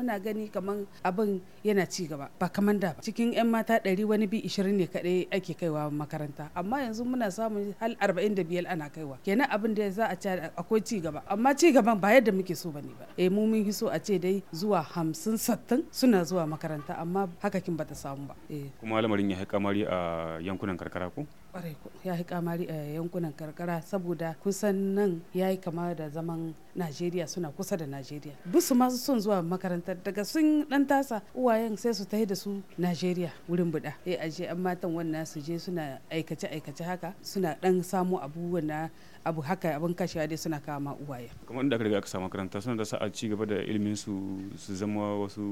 muna gani kamar abin yana ci gaba ba kamar da ba cikin 'yan mata ɗari wani bi 20 ne kadai ake kaiwa makaranta amma yanzu muna samun hal 45 ana kaiwa kenan abin da za a ci akwai ci gaba amma ci gaban ba yadda muke so bane ba eh mu mun so a ce dai zuwa 50 sattin suna zuwa makaranta amma haka kin bata samu ba eh kuma lamarin ya kamari a yankunan karkara ko kwarai ya yi kamari a yankunan karkara saboda kusan nan ya yi kama da zaman najeriya suna kusa da najeriya bisu masu son zuwa makaranta matar daga sun dan tasa uwayen sai su tahi da su Najeriya wurin buɗa eh aje an matan wannan su je suna aikace aikace haka suna dan samu abu wannan abu haka abin kashewa dai suna kama uwaye kamar inda aka riga aka samu makaranta suna da sa'a ci gaba da ilimin su su zama wasu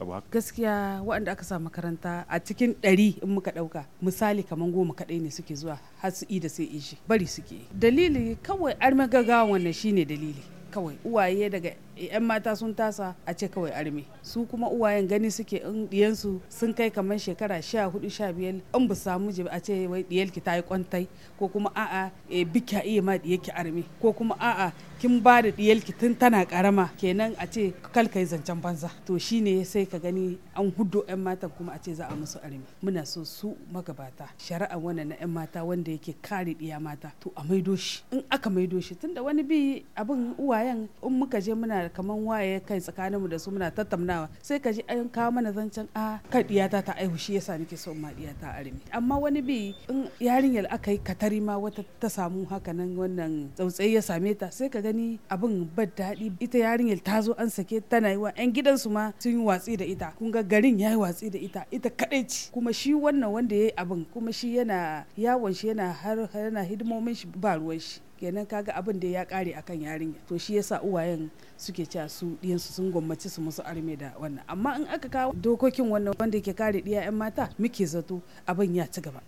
abu haka gaskiya waɗanda aka samu makaranta a cikin ɗari in muka ɗauka misali kamar goma kaɗai ne suke zuwa har su da sai ishi bari suke dalili kawai armagagawa wannan shine dalili kawai uwaye daga 'yan mata sun tasa a ce kawai arme su kuma uwayen gani suke in diyansu sun kai kamar shekara sha hudu sha biyar in ba samu jibi a ce wai diyalki ta yi kwantai ko kuma a'a e, eh, bikya iya ma diyalki arme ko kuma a'a kin ba da diyalki tun tana karama kenan a ce kalkai zancen banza to shine sai ka gani an hudo 'yan mata kuma a ce za a musu arme muna so su magabata shari'a wani na 'yan mata wanda yake kare diya mata to a maido shi in aka maido shi tunda wani bi abin uwaye bayan in muka je muna kaman waye kai tsakanin mu da su muna tattaunawa sai ka ji an kawo mana zancen a ah, kan diyata ta aihu shi yasa nake so ma diyata arimi amma wani bi in yarinyar aka yi katari ma wata ta samu haka nan wannan tsautsayi ya same ta sai ka gani abin ba daɗi ita yarinyar ta zo an sake tana yi wa 'yan gidansu ma sun yi watsi da ita kun ga garin ya yi watsi da ita ita kaɗai ci kuma shi wannan wanda ya yi abin kuma shi yana yawon shi yana har yana hidimomin shi ba ruwan shi kenan kaga abin da ya kare akan yarinya to shi ya sa uwayen suke cewa su diyansu sun gwammaci su musu arme da wannan amma in aka kawo dokokin wannan wanda ke kare ɗiya yan mata muke zato abin ya ci gaba